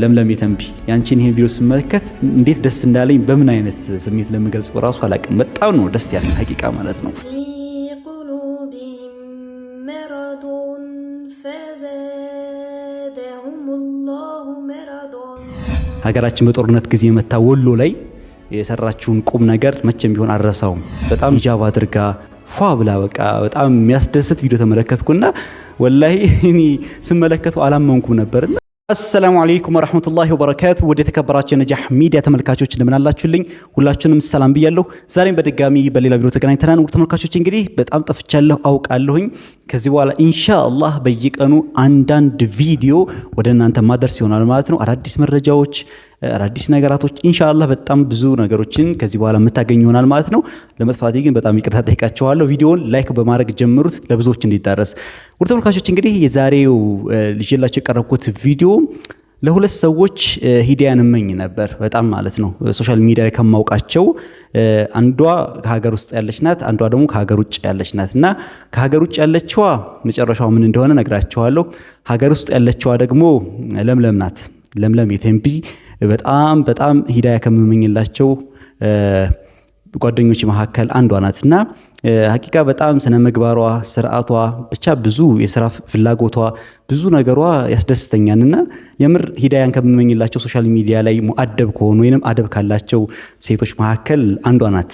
ለምለም የተንቢ ያንቺን ይህን ቪዲዮ ስመለከት እንዴት ደስ እንዳለኝ በምን አይነት ስሜት ለምገልጽ በራሱ አላውቅም። በጣም ነው ደስ ያለኝ ሀቂቃ ማለት ነው። ሀገራችን በጦርነት ጊዜ መታ ወሎ ላይ የሰራችውን ቁም ነገር መቼም ቢሆን አልረሳውም። በጣም ሂጃብ አድርጋ ፏ ብላ በቃ በጣም የሚያስደስት ቪዲዮ ተመለከትኩና ወላሂ እኔ ስመለከተው አላመንኩም ነበርና አሰላሙ አለይኩም ወራህመቱላሂ ወበረካቱ። ወደ የተከበራችሁ የነጃህ ሚዲያ ተመልካቾች እንደምን ሁላችሁንም ሰላም ብያለሁ። ዛሬም በድጋሚ በሌላ ቪዲዮ ተገናኝተናል። ውድ ተመልካቾች እንግዲህ በጣም ጠፍቻለሁ አውቃለሁኝ። ከዚህ በኋላ ኢንሻአላህ በየቀኑ አንዳንድ ቪዲዮ ወደ እናንተ ማድረስ ይሆናል ማለት ነው። አዳዲስ መረጃዎች አዳዲስ ነገራቶች ኢንሻላ በጣም ብዙ ነገሮችን ከዚህ በኋላ የምታገኝ ይሆናል ማለት ነው። ለመጥፋቴ ግን በጣም ይቅርታ ጠይቃችኋለሁ። ቪዲዮውን ላይክ በማድረግ ጀምሩት ለብዙዎች እንዲዳረስ። ውድ ተመልካቾች እንግዲህ የዛሬው ልጅላቸው የቀረብኩት ቪዲዮ ለሁለት ሰዎች ሂዳያን እመኝ ነበር በጣም ማለት ነው። ሶሻል ሚዲያ ላይ ከማውቃቸው አንዷ ከሀገር ውስጥ ያለች ናት፣ አንዷ ደግሞ ከሀገር ውጭ ያለች ናት እና ከሀገር ውጭ ያለችዋ መጨረሻው ምን እንደሆነ ነግራችኋለሁ። ሀገር ውስጥ ያለችዋ ደግሞ ለምለም ናት። ለምለም የተንቢ በጣም በጣም ሂዳያ ከመመኝላቸው ጓደኞች መካከል አንዷ ናት እና ሀቂቃ በጣም ስነ ምግባሯ፣ ስርዓቷ፣ ብቻ ብዙ የስራ ፍላጎቷ ብዙ ነገሯ ያስደስተኛል እና የምር ሂዳያን ከመመኝላቸው ሶሻል ሚዲያ ላይ አደብ ከሆኑ ወይም አደብ ካላቸው ሴቶች መካከል አንዷ ናት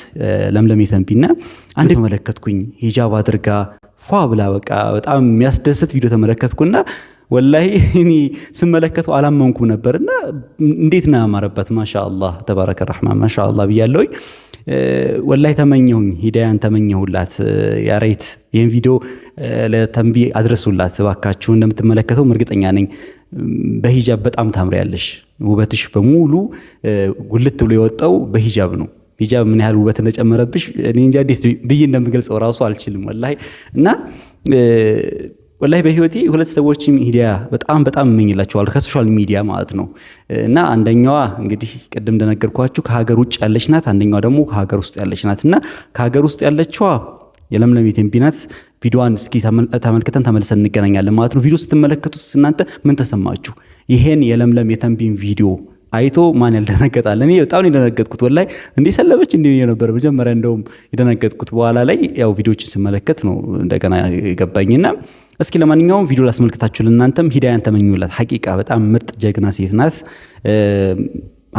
ለምለም የተንቢና አንድ ተመለከትኩኝ ሂጃብ አድርጋ ፏ ብላ በቃ በጣም የሚያስደስት ቪዲዮ ተመለከትኩና ወላሂ እኔ ስመለከተው አላመንኩም ነበር እና እንዴት ነው ያማረበት! ማሻአላ ተባረከ ረሕማን ማሻአላ ብያለሁኝ። ወላይ ተመኘሁኝ፣ ሂዳያን ተመኘሁላት። ያሬት ይህን ቪዲዮ ለተንቢ አድረሱላት እባካችሁ። እንደምትመለከተው እርግጠኛ ነኝ በሂጃብ በጣም ታምሪያለሽ። ውበትሽ በሙሉ ጉልት ብሎ የወጣው በሂጃብ ነው። ሂጃብ ምን ያህል ውበት እንደጨመረብሽ እኔ እንጃ እንዴት ብዬ እንደምገልጸው ራሱ አልችልም ወላሂ እና ወላይ በህይወቴ ሁለት ሰዎች ሚዲያ በጣም በጣም እመኝላቸዋለሁ ከሶሻል ሚዲያ ማለት ነው። እና አንደኛዋ እንግዲህ ቅድም እንደነገርኳችሁ ከሀገር ውጭ ያለች ናት። አንደኛዋ ደግሞ ከሀገር ውስጥ ያለች ናት። እና ከሀገር ውስጥ ያለችዋ የለምለም የቴምቢ ናት። ቪዲዮዋን እስኪ ተመልክተን ተመልሰን እንገናኛለን ማለት ነው። ቪዲዮ ስትመለከቱት እናንተ ምን ተሰማችሁ? ይሄን የለምለም የተንቢን ቪዲዮ አይቶ ማን ያልደነገጣል? እኔ በጣም ነው የደነገጥኩት። ወላሂ እንዲህ ሰለበች እንዲ ነበር መጀመሪያ እንደውም የደነገጥኩት። በኋላ ላይ ያው ቪዲዮችን ስመለከት ነው እንደገና የገባኝና እስኪ ለማንኛውም ቪዲዮ ላስመልክታችሁ ለእናንተም ሂዳያን ተመኙላት። ሀቂቃ በጣም ምርጥ ጀግና ሴት ናት።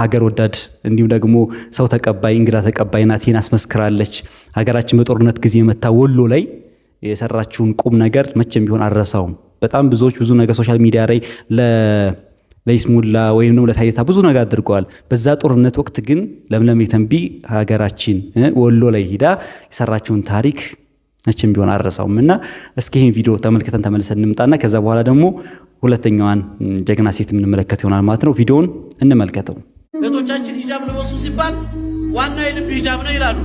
ሀገር ወዳድ እንዲሁም ደግሞ ሰው ተቀባይ እንግዳ ተቀባይ ናት። ይህን አስመስክራለች። ሀገራችን በጦርነት ጊዜ መታ ወሎ ላይ የሰራችውን ቁም ነገር መቼም ቢሆን አልረሳውም። በጣም ብዙዎች ብዙ ነገር ሶሻል ሚዲያ ላይ ለይስሙላ ወይም ደግሞ ለታየታ ብዙ ነገር አድርገዋል። በዛ ጦርነት ወቅት ግን ለምለም የተንቢ ሀገራችን ወሎ ላይ ሂዳ የሰራችውን ታሪክ መቼም ቢሆን አረሳውም እና እስኪ ይህን ቪዲዮ ተመልክተን ተመልሰን እንምጣና ከዛ በኋላ ደግሞ ሁለተኛዋን ጀግና ሴት የምንመለከት ይሆናል ማለት ነው። ቪዲዮውን እንመልከተው። እህቶቻችን ሂጃብ ልበሱ ሲባል ዋና የልብ ሂጃብ ነው ይላሉ።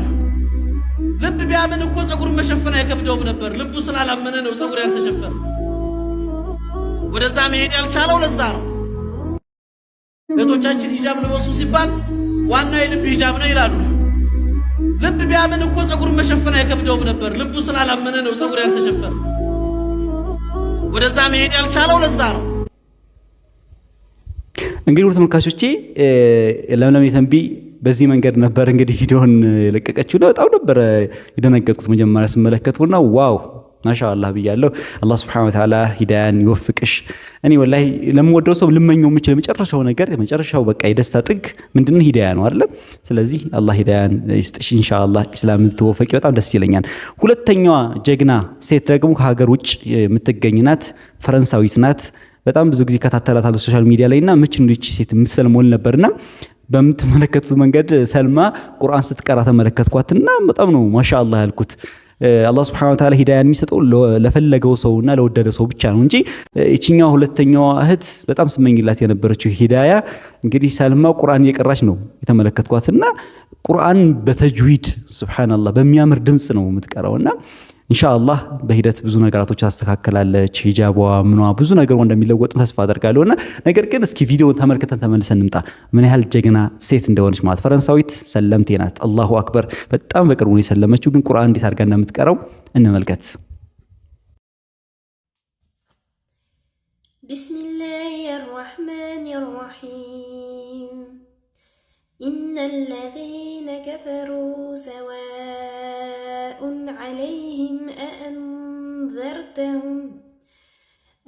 ልብ ቢያምን እኮ ፀጉሩን መሸፈን አይከብደውም ነበር። ልቡ ስላላመነ ነው ፀጉር ያልተሸፈነ። ወደዛ መሄድ ያልቻለው ለዛ ነው። እህቶቻችን ሂጃብ ልበሱ ሲባል ዋናው የልብ ሂጃብ ነው ይላሉ። ልብ ቢያምን እኮ ፀጉሩን መሸፈን አይከብደውም ነበር። ልቡ ስላላመነ ነው ፀጉር ያልተሸፈነ። ወደዛ መሄድ ያልቻለው ለዛ ነው። እንግዲህ ውድ ተመልካቾቼ ለምለም የተንቢ በዚህ መንገድ ነበር እንግዲህ ቪዲዮን የለቀቀችውና በጣም ነበረ የደነገጥኩት መጀመሪያ ስመለከትኩና ዋው ማሻአላህ ብያለሁ። አላህ ስብሐነሁ ወተዓላ ሂዳያን ይወፍቅሽ። እኔ ወላሂ ለምወደው ሰው ልመኘው የምችል የመጨረሻው ነገር የመጨረሻው በቃ የደስታ ጥግ ምንድነው? ሂዳያ ነው አይደለም? ስለዚህ አላህ ሂዳያን ይስጥሽ። ኢንሻአላህ ኢስላም ብትወፈቂ በጣም ደስ ይለኛል። ሁለተኛዋ ጀግና ሴት ደግሞ ከሀገር ውጭ የምትገኝ ናት፣ ፈረንሳዊት ናት። በጣም ብዙ ጊዜ ከታተላታለሁ ሶሻል ሚዲያ ላይ እና ምች እንዲች ሴት የምትሰልሞል ነበርና በምትመለከቱት መንገድ ሰልማ ቁርአን ስትቀራ ተመለከትኳትና በጣም ነው ማሻአላህ ያልኩት። አላህ ስብሐነሁ ወተዓላ ሂዳያን የሚሰጠው ለፈለገው ሰውና ለወደደ ሰው ብቻ ነው እንጂ እቺኛው ሁለተኛዋ እህት በጣም ስመኝላት የነበረችው ሂዳያ እንግዲህ ሳልማ ቁርአን እየቀራች ነው የተመለከትኳትና ቁርአን በተጅዊድ ሱብሃንአላህ በሚያምር ድምጽ ነው የምትቀራውና ኢንሻአላህ በሂደት ብዙ ነገራቶች ታስተካከላለች። ሂጃቧ ምኗ ብዙ ነገር እንደሚለወጥ ተስፋ አደርጋለሁ እና ነገር ግን እስኪ ቪዲዮ ተመልክተን ተመልሰን እንምጣ፣ ምን ያህል ጀግና ሴት እንደሆነች ማለት ፈረንሳዊት ሰለምቴ ናት። አላሁ አክበር። በጣም በቅርቡ ነው የሰለመችው፣ ግን ቁርአን እንዴት አድርጋ እንደምትቀረው እንመልከት። ቢስሚላሂ አርራህማኒ አርራሂም ኢነል ለዚነ ከፈሩ ሰዋ عليهم أأنذرتهم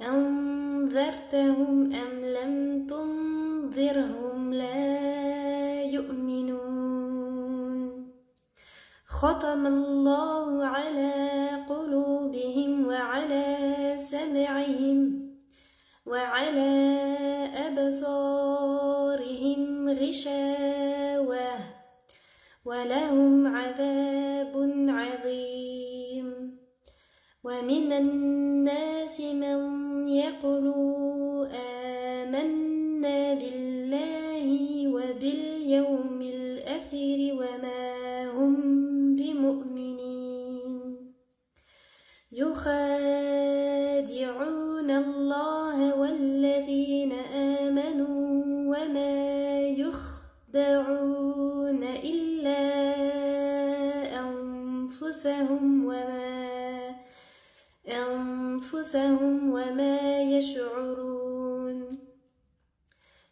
أنذرتهم أم لم تنذرهم لا يؤمنون ختم الله على قلوبهم وعلى سمعهم وعلى أبصارهم غشاوة ولهم عذاب عظيم ومن الناس من يقول آمنا بالله وباليوم الآخر وما هم بمؤمنين يخادعون الله والذين آمنوا وما يخدعون أنفسهم وما أنفسهم وما يشعرون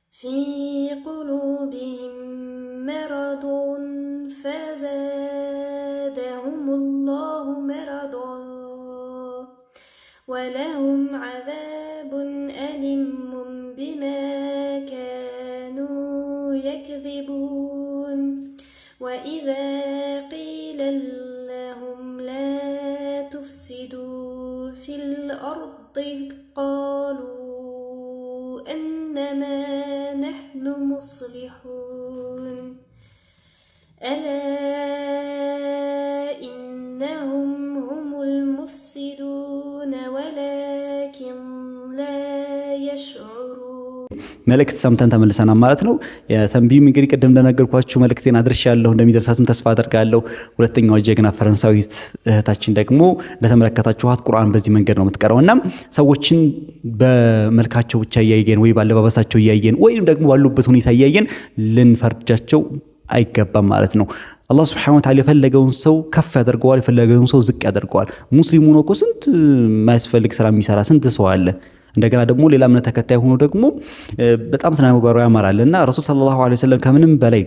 في قلوبهم مرض فزادهم الله مرضا ولهم عذاب أليم بما كانوا يكذبون وإذا في الأرض قالوا أنما نحن مصلحون ألا إنهم هم المفسدون ولكن لا يشعرون መልእክት ሰምተን ተመልሰናል ማለት ነው። ተንቢም እንግዲህ ቅድም እንደነገርኳችሁ መልእክቴን አድርሻለሁ፣ እንደሚደርሳትም ተስፋ አደርጋለሁ። ሁለተኛዋ ጀግና ፈረንሳዊት እህታችን ደግሞ እንደተመለከታችኋት ቁርአን በዚህ መንገድ ነው የምትቀረው እና ሰዎችን በመልካቸው ብቻ እያየን ወይ ባለባበሳቸው እያየን ወይም ደግሞ ባሉበት ሁኔታ እያየን ልንፈርጃቸው አይገባም ማለት ነው። አላህ ስብሐነ ወተዓላ የፈለገውን ሰው ከፍ ያደርገዋል፣ የፈለገውን ሰው ዝቅ ያደርገዋል። ሙስሊም ሆኖ እኮ ስንት የማያስፈልግ ስራ የሚሰራ ስንት ሰው አለ። እንደገና ደግሞ ሌላ እምነት ተከታይ ሆኖ ደግሞ በጣም ስነ ምግባሩ ያማራል እና ረሱል ሰለላሁ ዐለይሂ ወሰለም ከምንም በላይ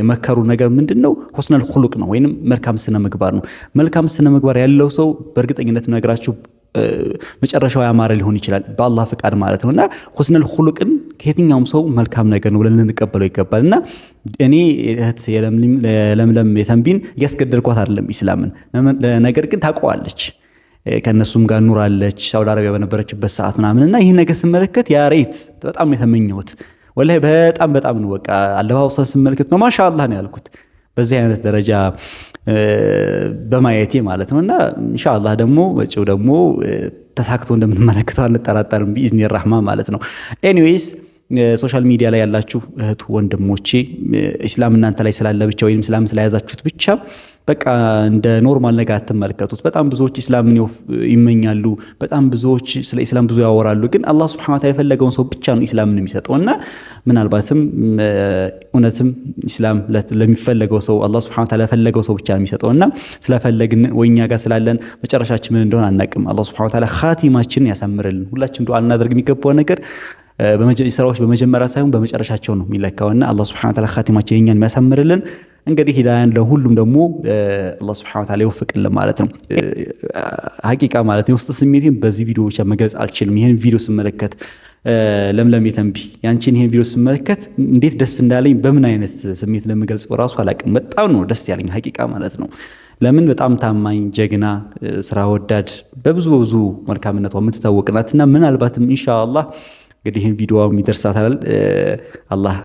የመከሩ ነገር ምንድን ነው? ሁስነል ኹሉቅ ነው ወይም መልካም ስነ ምግባር ነው። መልካም ስነ ምግባር ያለው ሰው በእርግጠኝነት ነግራችሁ መጨረሻው ያማረ ሊሆን ይችላል በአላህ ፍቃድ ማለት ነው። እና ሁስነል ሁሉቅን ከየትኛውም ሰው መልካም ነገር ነው ብለን ልንቀበለው ይገባል። እና እኔ እህት ለምለም የተንቢን እያስገደልኳት አይደለም ኢስላምን፣ ነገር ግን ታውቀዋለች ከእነሱም ጋር ኑራለች ሳውዲ አረቢያ በነበረችበት ሰዓት ምናምን እና ይህ ነገር ስመለከት ያሬት በጣም የተመኘሁት ወላሂ በጣም በጣም ነው። በቃ ስመለከት ነው ማሻ ነው ያልኩት። በዚህ አይነት ደረጃ በማየቴ ማለት ነው እና ኢንሻአላህ ደግሞ መጪው ደግሞ ተሳክቶ እንደምንመለከተው አንጠራጠርም ቢኢዝኒ ራህማ ማለት ነው። ኤኒዌይስ ሶሻል ሚዲያ ላይ ያላችሁ እህቱ ወንድሞቼ እስላም እናንተ ላይ ስላለ ብቻ ወይም ኢስላም ስለያዛችሁት ብቻ በቃ እንደ ኖርማል ነገር አትመለከቱት። በጣም ብዙዎች ኢስላምን ይመኛሉ። በጣም ብዙዎች ስለ ኢስላም ብዙ ያወራሉ። ግን አላህ ሱብሐነሁ ወተዓላ የፈለገውን ሰው ብቻ ነው ኢስላምን የሚሰጠው እና ምናልባትም እውነትም ኢስላም ለሚፈለገው ሰው አላህ ሱብሐነሁ ወተዓላ ለፈለገው ሰው ብቻ ነው የሚሰጠው እና ስለፈለግን ወኛ ጋር ስላለን መጨረሻችን ምን እንደሆነ አናቅም። አላህ ሱብሐነሁ ወተዓላ ኻቲማችንን ያሳምርልን። ሁላችንም ዱዓ እናደርግ የሚገባው ነገር ስራዎች በመጀመሪያ ሳይሆን በመጨረሻቸው ነው የሚለካውና አላህ ስብሐነሁ ወተዓላ ኻቲማቸው የኛን የሚያሳምርልን እንግዲህ ሂዳያን ለሁሉም ደግሞ አላህ ስብሐነሁ ወተዓላ ይወፍቅልን ማለት ነው። ሀቂቃ ማለት ነው። የውስጥ ስሜቴን በዚህ ቪዲዮ ብቻ መግለጽ አልችልም። ይህን ቪዲዮ ስመለከት ለምለም የተንቢ ያንቺን ይህን ቪዲዮ ስመለከት እንዴት ደስ እንዳለኝ በምን አይነት ስሜት እንደምገልጸው ራሱ አላቅም። በጣም ነው ደስ ያለኝ ሀቂቃ ማለት ነው። ለምን በጣም ታማኝ፣ ጀግና፣ ስራ ወዳድ በብዙ በብዙ መልካምነቷ የምትታወቅ ናትና ምናልባትም ኢንሻአላህ እንግዲህ ይህን ቪዲዮ የሚደርሳታል አላህ